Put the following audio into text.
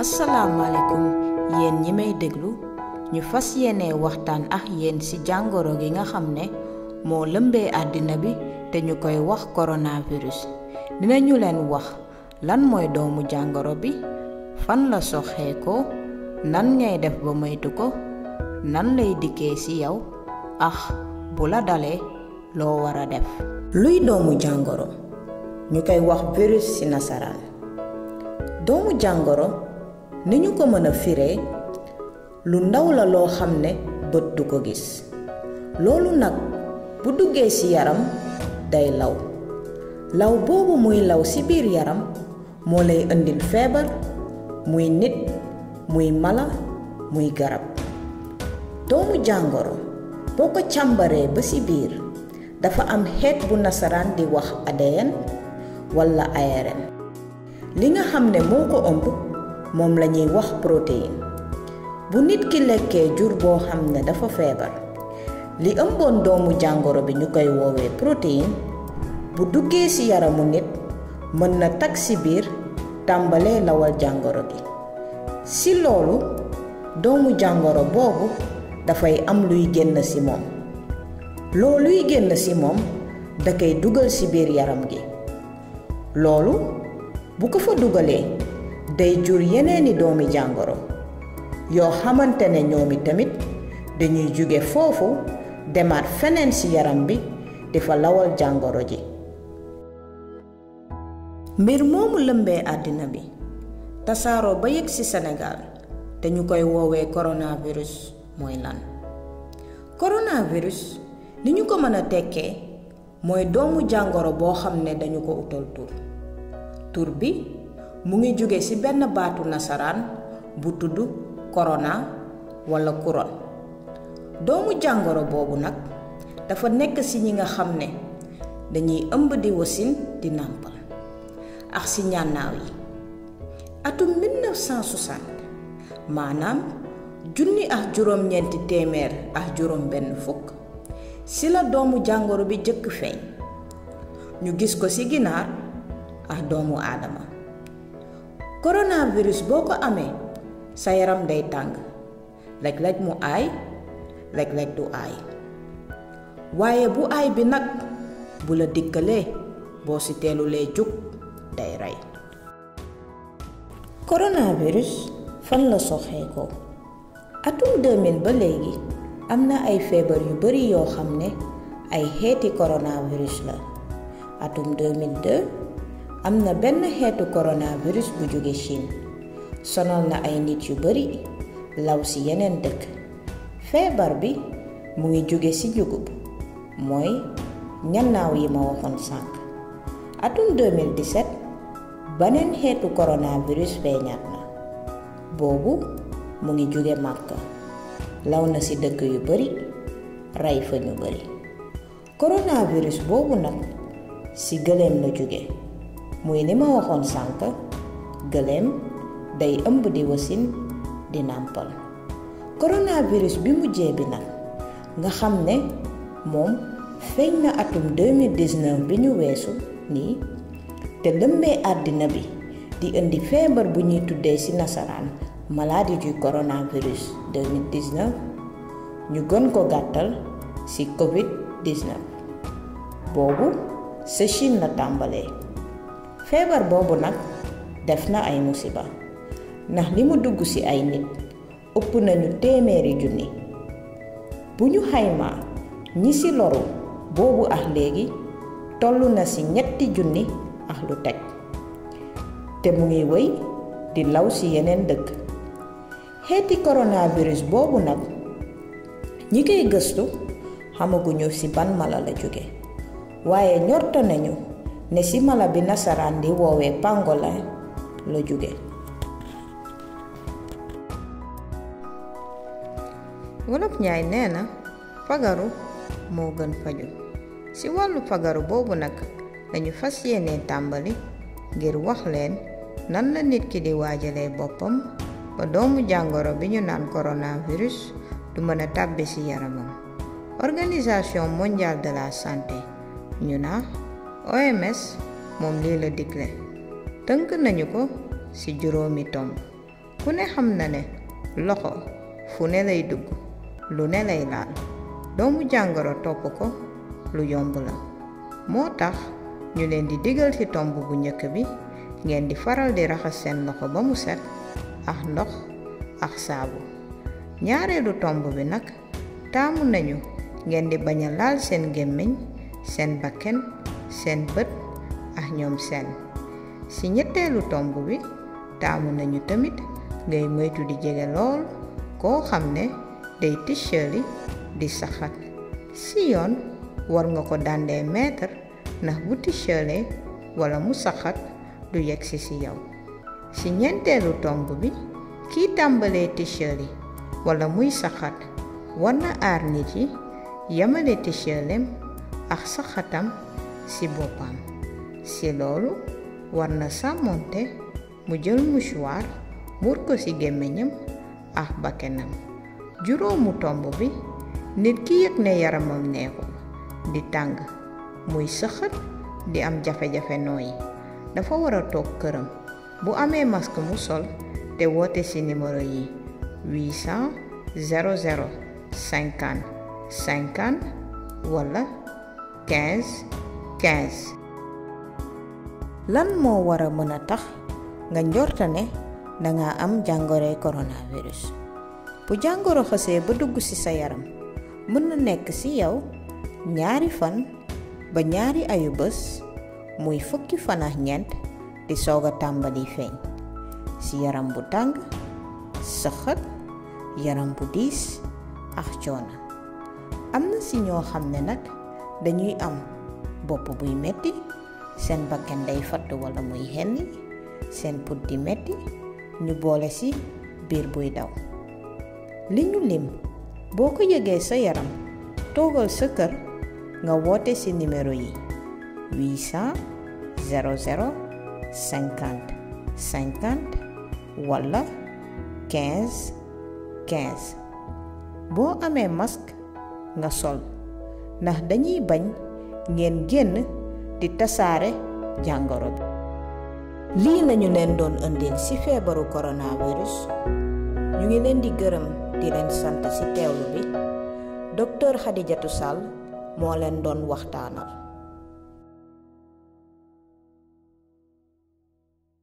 asalaamaaleykum yéen ñi may déglu ñu fas yéene waxtaan ak yéen ci jàngoro gi nga xam ne moo lëmbee àddina bi te ñu koy wax coronavirus dinañu leen wax lan mooy doomu jàngoro bi fan la soxee ko nan ngay def ba moytu ko nan lay dikkee ci yow ak bu la dalee loo war a def. luy doomu jàngoro ñu koy wax virus ci nasaraan jàngoro. ni ñu ko mën a firee lu ndaw la loo xam ne bët du ko gis loolu nag bu duggee ci yaram day law law boobu muy law ci biir yaram moo lay indil feebar muy nit muy mala muy garab doomu jàngoro boo ko càmbaree ba ci biir dafa am xeet bu nasaraan di wax ADN walla ARN li nga xam ne moo ko ëmb moom lañuy wax protéine bu nit ki lekkee jur boo xam ne dafa feebar li ëmboon doomu jàngoro bi ñu koy woowee protéine bu duggee ci yaramu nit mën na tag ci biir tàmbalee lawal jàngoro bi ci loolu doomu jàngoro boobu dafay am luy génn ci moom looluy génn ci moom da koy dugal ci biir yaram gi loolu bu ko fa dugalee day jur yeneeni doomi jàngoro yoo xamante ne ñoomi tamit dañuy jóge foofu demaat feneen ci yaram bi di fa lawal jàngoro ji mbir moomu lëmbee àddina bi tasaaroo ba yëg ci Sénégal te ñu koy woowee coronavirus mooy lan coronavirus li ñu ko mën a tekkee mooy doomu jàngoro boo xam ne dañu ko utal tur tur bi mu ngi jóge ci benn baatu nasaraan bu tudd korona walla couronne doomu jàngoro boobu nag dafa nekk ci ñi nga xam ne dañuy ëmb di wasin di nàmpal ak ci maanaam junni ak ak juróom-benn la doomu jàngoro bi jëkk feeñ ñu gis ko ci ginaar ak doomu aadama coronavirus boo ko amee sa yaram day tàng léeg-léeg mu aay léeg-léeg du aay waaye bu aay bi nag bu la dikkalee boo ci teelulee jug day rey coronavirus fan la soxee ko atum 2000 ba léegi am na ay feebar yu bari yoo xam ne ay xeeti coronavirus la atum 2002 am na benn xeetu coronavirus bu jóge Chine sonal na ay nit yu bari law ci yeneen dëkk feebar bi mu ngi jóge ci jugub mooy ñannaaw yi ma waxoon sànq atum beneen xeetu coronavirus feeñaat na boobu mu ngi jóge Màkka law na ci dëkk yu bari rey fa ñu bari coronavirus boobu nag ci gëléem la jóge muy lima waxoon sànk gëléem day ëmb di wasin di nàmpal coronavirus bi mujjee bi nag nga xam ne moom feeñ na atum 2019 bi ñu weesu nii te lëmbee àddina bi di indi feebar bu ñuy tuddee ci nasaraan maladie du coronavirus 2019 ñu gën ko gàttal ci covid 19 boobu sa Chine la tàmbalee feebar boobu nag def na ay musiba ndax li mu dugg ci ay nit ëpp nañu téeméeri junni bu ñu xaymaa ñi ci loru boobu ak léegi toll na ci ñetti junni ak lu teg te mu ngi wéy di law ci yeneen dëkk xeeti coronavirus boobu nag ñi koy gëstu xamaguñu ci ban mala la jóge waaye ñorto nañu ne ci mala bi nasaraan di woowee pangolin la jóge wolof ñaay nee na fagaru moo gën faju ci wàllu fagaru boobu nag dañu fas yéenee tàmbali ngir wax leen nan la nit ki di waajalee boppam ba doomu jàngoro bi ñu naan korona coronavirus du mën a tàbbi ci yaramam organisation mondiale de la santé ñu na OMS moom lii la digle tënk nañu ko ci juróomi tomb ku ne xam na ne loxo fu ne lay dugg lu ne lay laal doomu jàngoro topp ko lu yomb la moo tax ñu leen di digal ci tomb bu njëkk bi ngeen di faral di raxas seen loxo ba mu set ak ndox ak saabu ñaareelu tomb bi nag taamu nañu ngeen di bañ a laal seen gémmiñ seen bakken seen bët ak ñoom seen ci ñetteelu tomb bi taamu nañu tamit ngay moytu di jege lool koo xam ne day tichali di saxat si yoon war nga ko dàndee mètre ndax bu tichalee wala mu saxat du yegsi ci yow ci ñenteelu tomb bi kiy tàmbalee tichali walla muy saxat war na aar nit yi yamale tichaleem ak saxatam ci boppam ci loolu war na sàmmoonte mu jël mouchoir muur ko ci gémmiñam ak bakkenam juróomu tomb bi nit ki yëg ne yaramam neexul di tàng muy sëxët di am jafe-jafe nooyi dafa war a toog këram bu amee masque mu sol te woote ci nimero yi 800 00 50 50 lan moo war a mën a tax nga njorta ne danga am jàngoroy coronavirus bu jàngoro xasee ba dugg ci sa yaram mën na nekk ci yow ñaari fan ba ñaari ayu bés muy fukki fan ak di soog a tàmbali feeñ ci yaram bu tàng sëxët yaram bu diis ak am na ci ñoo xam ne nag dañuy am bopp buy metti seen bakken day fatt walla muy henni seen put di metti ñu boole ci biir buy daw li ñu lim boo ko yëgee sa yaram toogal sa kër nga woote ci numéro yi 800 00 50 50 walla 15 15 boo amee masque nga sol ndax dañuy bañ ngeen génn di tasaare jàngoro bi lii lañu leen doon ëndil ci feebaru coronavirus ñu ngi leen di gërëm di leen sant ci teewlu bi docteur Khadijatou Sall moo leen doon waxtaanal